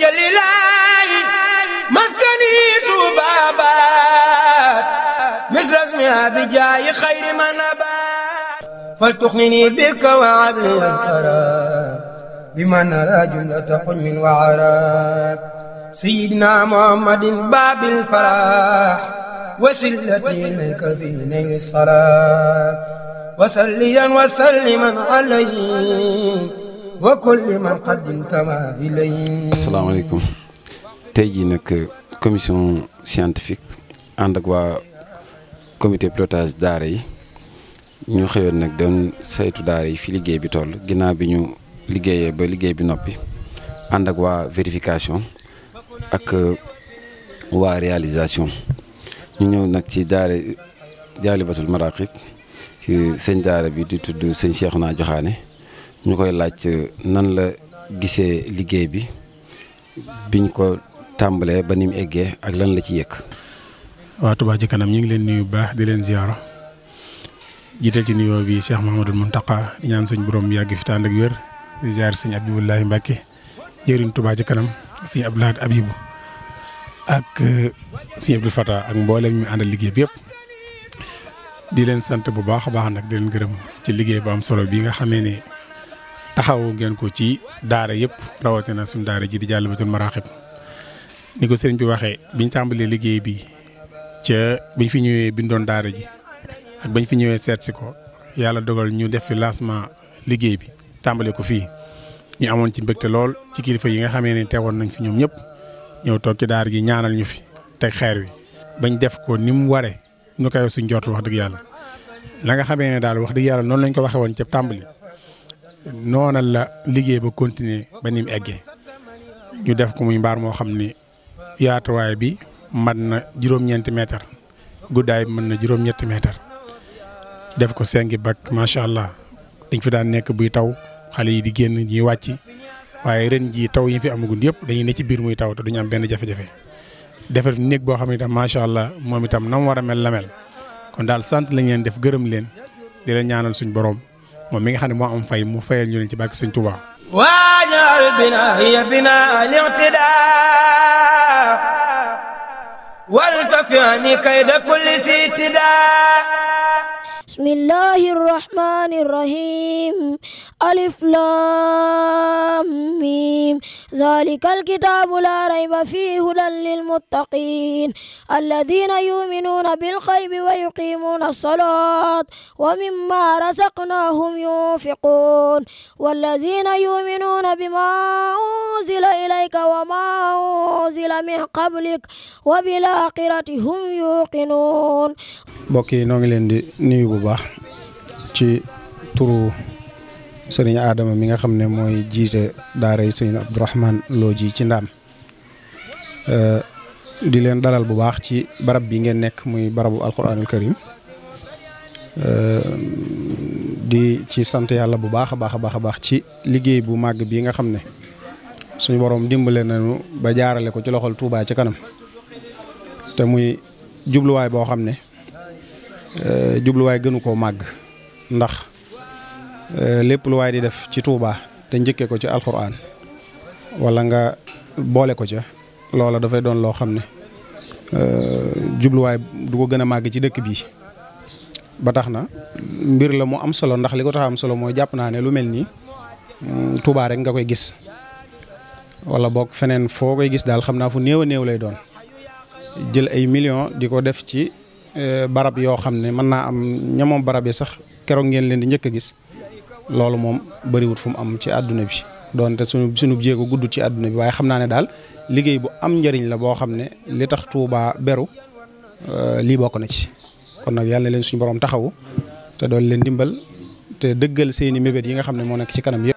jëlilaayi maskani Tuuba baat misras mi abijaayi xayri man abaat fal tuxnini bika wa abli alqaraab bima nara jumlata xulmin wa araab sayyidina muhammadin baabil faraax wasilati ilayka fi nayli salaat wa salliyan wa salliman alayhi wa kulli man qaddamta ilayhi asalaamaaleykum tey jii nag euh, commission scientifique ànd ak waa comité pilotage daara yi ñu xëyoon nag doon saytu daara yi fi liggéey bi toll ginnaaw bi ñu liggéeyee ba liggéey bi noppi ànd ak waa vérification ak euh, waa réalisation ñu ñëw nag ci daara jaalibatul maraqib ci sëñ daara bi di tudd sëñ naa Joxaane ñu koy laaj nan la gisee liggéey bi biñ ko tàmbalee ba ni mu eggee ak lan la ci yëkk waa Touba ci kanam ñu ngi leen nuyu bu baax di leen ziyaara jiital ci nuyoo bi Cheikh Mouhamadul Mountakha di ñaan suñ borom yàgg fi tànd ak wér di ziar sëñ Abdoulaye Mbacke jëriñ Touba ci kanam sëñ ab Abibou ak euh, sëñ Abdou Fata ak mboolem mi àndal liggéey bi yëpp di leen sant bu baax a baax nag di leen gërëm ci liggéey bu am solo bi nga xamee ni taxawu ngeen ko ci daara yëpp rawatina suñu daara ji di Dialibatoul Marakhib ni ko sëriñ bi waxee bi ñu tàmbalee liggéey bi ca biñ fi ñëwee biñ doon daara ji ak bañ fi ñëwee seet si ko yàlla dogal ñu def fi lancement liggéey bi tàmbale ko fii ñu amoon ci mbégte lool ci kilifa yi nga xamee ne teewoon nañ fi ñoom ñëpp ñëw toog ci daara ji ñaanal ñu fi teg xeer wi bañ def ko ni mu waree ñu koy suñ jot wax dëgg yàlla na nga xamee ne daal wax dëgg yàlla noonu lañ ko waxee woon ca tàmbali noonal la liggéey ba continuer ba ni mu eggee ñu def ko muy mbaar moo xam ni yaatuwaay bi mën na juróom-ñeenti mètre guddaay bi mën na juróom-ñetti mètre def ko sengi bakk macha allah dañ fi daan nekk buy taw xale yi di génn ñuy wàcc waaye ren jii taw yi fi amagul yëpp dañuy ne ci biir muy taw te duñu am benn jafe-jafe. defar néeg boo xam ne itam macha allah moom itam na mu war a mel la mel kon daal sant lañ leen def gërëm leen di leen ñaanal suñu borom. moom mi nga xam ne moo am fay mu fayal ñu leen ci barke Sëñ Tuubaa waajal bina hiya bina al-iqtidaa wal takfi ani kayda kulli si tidaa بسم الله الرحمن الرحيم ألف لام ميم ذلك الكتاب لا ريب فيه هدى للمتقين الذين يؤمنون بالغيب ويقيمون الصلاة ومما رزقناهم ينفقون والذين يؤمنون بما أنزل إليك وما أنزل من قبلك وبالآخرة هم يوقنون mbokk yi noo ngi leen di nuyu bu baax ci turu sëriñ Adama mi nga xam ne mooy jiite daara yi sëriñ Abdourahman Lo ji ci ndaam eh, di leen dalal bu baax ci barab bi ngeen nekk muy barabu alquranul karim eh, di ci sant yàlla bu baax a baax a baax a baax ci liggéey bu màgg bi nga xam ne suñu borom dimbale nañu ba jaarale ko ci loxol Touba ci kanam te muy jubluwaay boo xam ne Euh, jubluwaay gënu koo màgg ndax euh, lépp lu waay di def ci Touba te njëkkee ko ci alxuraan wala nga boole ko ca loola dafay doon loo xam ne euh, jubluwaay du ko gën a màgg ci dëkk bii. ba tax na mbir la mu am solo ndax li ko tax am solo mooy jàpp naa ne lu mel nii mm, Touba rek nga koy gis wala boog feneen foo koy gis daal xam naa fu néew a néew lay doon jël ay millions di ko def ci. Eh, barab yoo xam ne mën naa am ñamoom barab yi sax keroog ngeen leen di njëkk a gis loolu moom bëriwut fu mu am ci àdduna bi doonte suñu sunu jéego gudd ci àdduna bi waaye xam naa ne daal liggéey bu am njariñ la boo xam ne li tax Touba beru eh, lii bokk na ci kon nag yàlla leen suñ borom taxawu te doon leen dimbal te dëggal seeni mébét yi nga xam ne moo nekk ci kanam yëpp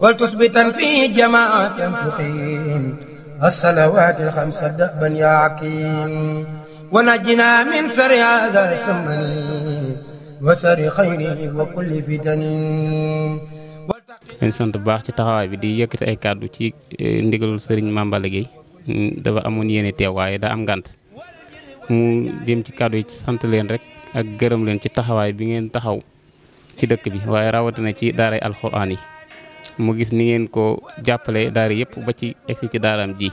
wal tusbitan fi jamaatan tuqiim as-salawaati al-xamsa ونجنا من سر هذا السمن وسر خيره وكل فتن ñu sant bu baax ci taxawaay bi di yëkkati ay kàddu ci eh, ndigalul sëriñ Mamballa dafa amoon yéene teew waaye daa am ngànt mu jëm ci kàddu yi ci sant leen rek ak gërëm leen ci taxawaay bi ngeen taxaw ci dëkk bi waaye rawatina ci daaray alxuraan yi mu gis ni ngeen ko jàppale daara yëpp ba ci egsi ci daaraam ji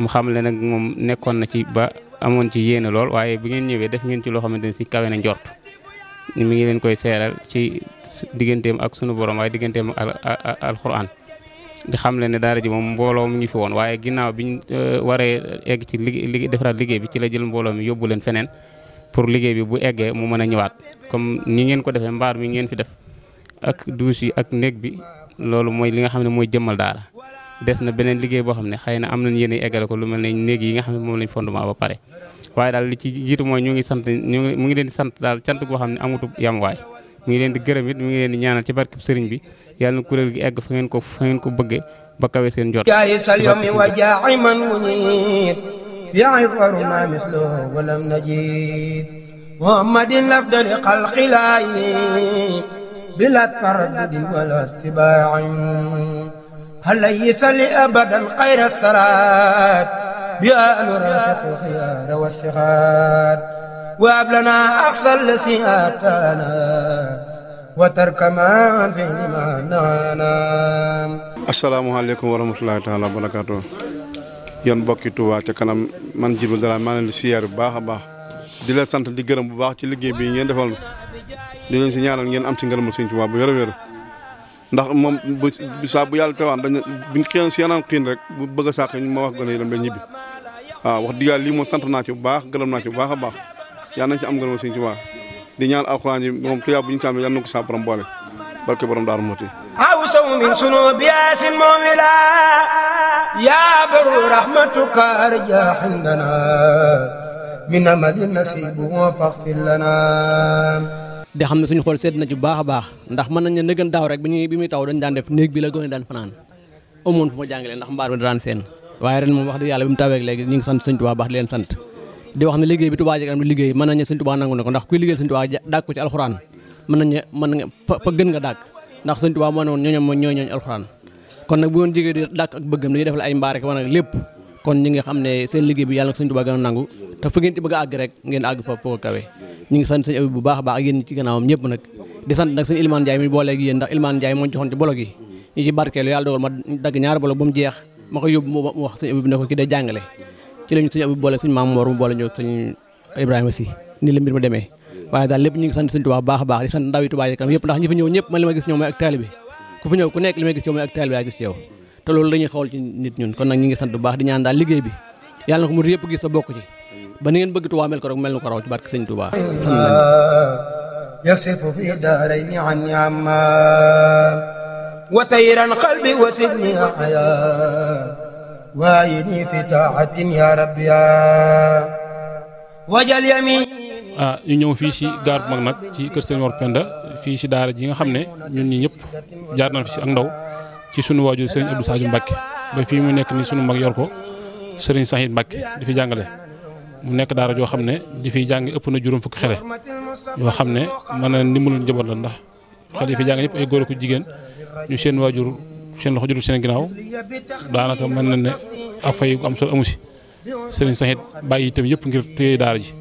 mu xam le nag moom nekkoon na ci ba amoon ci yéene lool waaye bi ngeen ñëwee def ngeen ci loo xamante ne si kawe na njort mi ngi leen koy seeral ci digganteem ak sunu borom waaye digganteem ak alxuraan di xam le ne daara ji moom mbooloo mu ngi fi woon waaye ginnaaw bi ñu euh, waree egg ci liggéey defaraat liggéey bi ci la jël mbooloo mi yóbbu leen feneen pour liggéey bi bu eggee mu mën a ñëwaat comme ni ngeen ko defee mbaar mi ngeen fi def ak duus yi ak néeg bi loolu mooy li nga xam ne mooy jëmmal daara des na beneen liggéey boo xam ne xëy na am nañ yéen eggale ko lu mel ne néeg yi nga xam moom lañ fondement ba pare waaye daal li ci jiitu mooy ñu ngi sant ñu ngi mu ngi leen di sant daal cant goo xam ne amutu yamuwaay mu ngi leen di gërëm it mu ngi leen di ñaanal ci barkeb sëriñ bi yàlla na kuréel gi egg fa ngeen ko fa ba kawe seen jot jaayi sal yomi wa jaayi man munit yaay waru ma mislo walam najid muhammadin afdali xalqi laayi bila taraddudin wala istibaain هل يصلي أبدا خير الصلاة بأهل رافق الخيار والصغار وأبلنا أحسن الذي آتانا وترك ما في لما نعنا السلام عليكم ورحمة الله تعالى وبركاته yan mbokki Touba ca kanam man Djibril Dara maa leen di siyaar bu baax baax di la sant di gërëm bu baax ci liggéey bi ngeen defal di leen si ñaanal ngeen am si ngërëmal Sëñ Touba bu wér a ndax moom bu saa bu yàlla tawaan dañ buñ xëyoon si yeneen xiin rek bu bëgg a sàq ma wax gën a yërëm dañ ñibbi waaw wax dëgg lii moom sant naa ci bu baax gërëm naa ci bu baax a baax yal nañ si am gërëm sëñ ci baax di ñaan alxuraan yi moom tuyaa bu ñu sàmmee yal na ko saa borom boole barke borom daaru moti aw saw min sunu biyaasin moo wila yaa baru rahmatuka arja indana min amali nasibu wa faxfir lana di xam ne suñu xool sedd na ci bu baax a baax ndax mën nañ ne nëgën daaw taw dañ daan def néeg bi la gone daan fanaan amoon fu ma jàngalee ndax mbaar mi daan seen waaye ren moom wax dëgg yàlla bi mu taweek sant Sëñ Tuubaa baax di leen sant di nañ ne Sëñ na ko ndax kuy liggéey Sëñ Tuubaa dàkk ko nga fa gën nga dàkk ndax Sëñ Tuubaa moo ne woon ñooñu ñooy ñooñu alxuraan kon nag ak mbaar lépp kon ñi nga xam ne seen liggéey bi yàlla Sëñ Tuubaa gën a nangu te fu ngeen ci bëgg a àgg rek ngeen àgg fa foo kawe ñu ngi sant sëñ abi bu baax a baax ak yéen ci gannaawam ñëpp nag di sant nag sëñ Ilimaan Njaay mi booleeg yéen ndax Ilimaan Njaay moo joxoon ci bolo gi ñu ci barkeelu yàlla dogal ma dagg ñaari bolo ba mu jeex ma ko yóbbu mu wax sëñ abi bi ne ko ki day jàngale ci lañu sëñ abi booleeg sëñ maam mu boole ñëw sëñ Ibrahima si nii la mbir demee waaye daal lépp ñu ngi sant sëñ Tuubaa baax a baax di sant ndaw yi Tuubaa yi kanam yëpp ndax ñi fi ñëw ñëpp man li ma gis la ñuy nit ñun kon nag ñu ngi sant baax di ñaan daal liggéey bi yëpp gis sa ba ni ngeen bëgg Tuubaa mel ko rek mel na ko raw ci barke sëñ Tuubaa yasifu fi daarayni fi taatin ya rabbi wajal yamin ah, ñu ñëw fii ci gaar bu mag nag ci kër Sëñ Mor Penda fii ci daara ji nga xam ne ñun ñi ñëpp jaar nañ fi ci ak ndaw ci sunu waajur Sëriñ Abdou Sadio Mbacke ba fii mu nekk ni suñu mag yor ko Sëriñ Sahid Mbacke di fi jàngale mu nekk daara joo xam ne di fi jàng ëpp na juróom fukki xale yoo xam ne ma na ndimbalu njaboot la ndax xale yi fi jàng yëpp ay góor ku jigéen ñu seen waajur seen loxo jurul seen ginnaaw daanaka mën na ne ak fay gu am solo amu si sëriñ saxit bàyyi itam yëpp ngir téye daara ji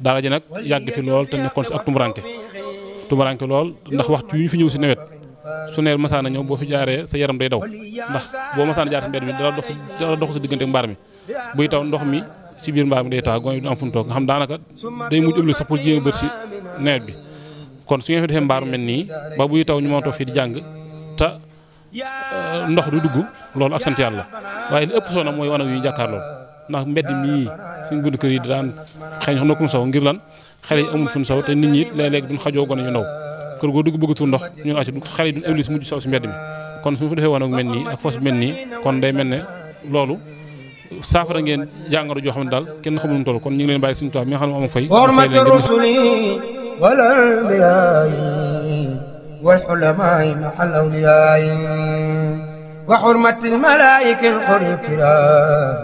daara ji nag yàgg fi lool te nekkoon si ak tumuranke tumuranke lool ndax waxtu yu ñu fi ñëw si nawet su neer masaana ñëw boo fi jaaree sa yaram day daw ndax boo masaana jaar si mi dara dox dara dox sa ci biir mbaam day taa gone yi du am fu mu toog nga xam daanaka day mujj ubbi sax pour jéem a bët si nawet bi kon su ñu fi defee mbaar mel nii ba buy taw ñu mën a toog fii jàng te euh, ndox du dugg loolu ak sant yàlla waaye li ëpp soo mooy wanag yu ñu ndax mbedd mii suñu bunt kër yi daan xëy na xam saw ngir lan xale yi fu ñu saw te nit ñi it léeg-léeg xajoo gone yu ndaw kër goo dugg bëggatul ndox ñun acci xale yi duñ ëblis mujj saw si mbedd mi kon suñu fi defee wanag mel nii ak foos mel nii kon day mel ne loolu saafara ngeen jàngoro joo xam ne daal kenn xamul nu toll kon ñu ngi leen bàyyi suñu toog mi nga xam ne moom fay. xormati rusuli wal anbiyaay wal xulamaay maxal awliyaay wa xormati malaayika alxuri kiraam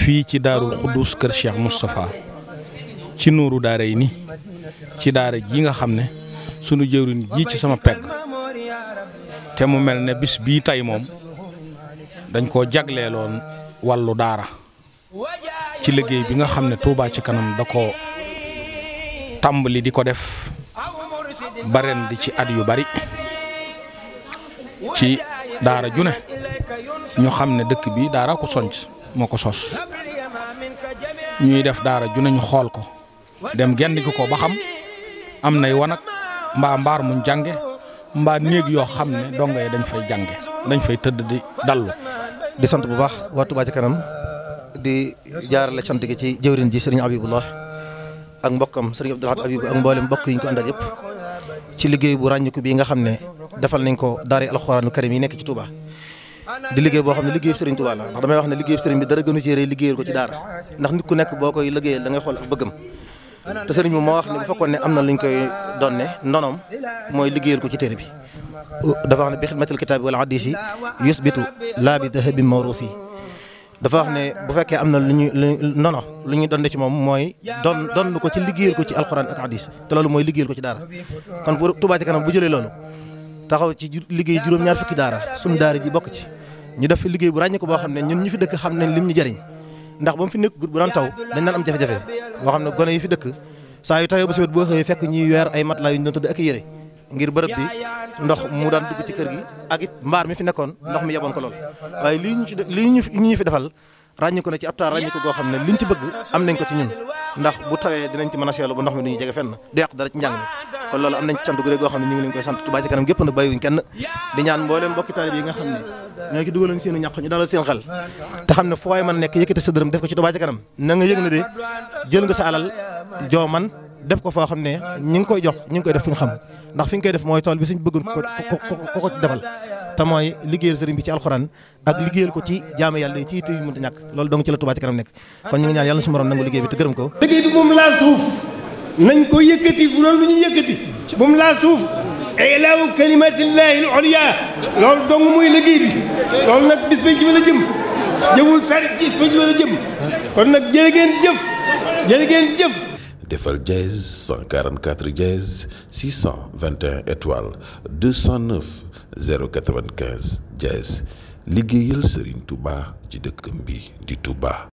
fii ci daaru Xuddus kër Cheikh Moustapha ci nuuru daara yi ni ci daara ji nga xam ne sunu jëwriñ ji ci sama pegg te mu mel ne bis bii tey moom dañ koo jagleeloon wàllu daara ci liggéey bi nga xam ne Touba ci kanam da ko tàmbali di ko def ba ci at yu bari ci daara ju ne ñu xam ne dëkk bi daara ko sonc moo ko sos ñuy def daara ju ne ñu xool ko dem genn ki ko ba xam am nay wanag mbaa mbaar mu jànge mbaa néeg yoo xam ne dongo yi dañ fay jànge dañ fay tëdd di dallu di sant bu baax waa Touba ci kanam di jaarale sant gi ci jëwrin ji sëriñ Abibullah ak mbokkam sëriñ Abdou Lahad Abib ak mboolem mbokk yi ñu ko yëpp ci liggéey bu ràññiku bii nga xam ne defal nañ ko daara alxuraanul karim yi nekk ci Touba. di liggéey boo xam ne liggéey sëriñ Touba la ndax damay wax ne liggéey sëriñ bi dara gënu ci rëy liggéeyal ko ci daara ndax nit ku nekk boo koy liggéeyal da xool ak bëggam te sëriñ bi moo wax ne bu fekkoon ne am na luñ koy donne ndonoom mooy liggéeyal ko ci téere bi dafa wax ne bi xidmatil kitaabi wal hadisi yusbitu laa bi dahabin mawruusi dafa wax ne bu fekkee am na lu ñuy nono lu ñuy donde ci moom mooy don donn ko ci liggéeyal ko ci alxuraan ak hadis te loolu mooy liggéeyal ko ci daara kon bu Touba Ca Kanam bu jëlee loolu taxaw ci liggéey juróom-ñaar fukki daara suñu daara ji bokk ci ñu def fi liggéey bu ràññi ko boo xam ne ñun ñu fi dëkk xam ne lim ñu jariñ ndax ba mu fi nekk bu doon taw dañ daan am jafe-jafe boo xam ne gone yi dëkk saa yu tawee ba suwet fekk ñuy weer ay matelas yu ñu doon tëdd ak yére ngir bërëb bi ndox mu daan dugg ci kër gi ak it mbaar mi fi nekkoon ndox mi yeboon ko lool waaye lii ñu ci lii ñu fi defal ràññi ko na ci ab taar ko goo xam ne liñ ci bëgg am nañ ko ci ndax bu tawee dinañ ci mën a ba ndox mi du ñu jege fenn du yàq dara ci njàng mi kon loolu am nañ ci sant goo xam ne ñu ngi leen sant Touba Ca Kanam gépp nag bàyyiwuñ kenn di nga xam ne ñoo ci ñu dalal seen xel te xam ne foo waay mën nekk yëkkati sa dërëm def ko ci Touba Ca Kanam na nga yëg ne de jël nga sa alal joo man def ko foo xam ne ñu ngi koy jox ñu ngi koy def fu ñu xam ndax fi ñu koy def mooy tool bi suñ bëgg ko ko ko defal te mooy liggéeyal sëriñ bi ci alxuraan ak liggéeyal ko ci jaamu yàlla yi ci yitte yu mënta ñàkk loolu dong ci la Touba ci kanam nekk kon ñu ngi ñaan yàlla suñu borom nangu liggéey bi te gërëm ko liggéey bi moom laal suuf nañ ko yëkkati bu doon lu ñu yëkkati moom laal suuf ilaahu kalimatillahi al-ulya loolu dong muy liggéey bi loolu nag bis ba ci la jëm jëwul fer bis la jëm kon nag jërë ngeen defal dièse 144 dièse 621 étoile 209 095 dièse liggéeyal Serigne Touba ci dëkkam bi di Touba.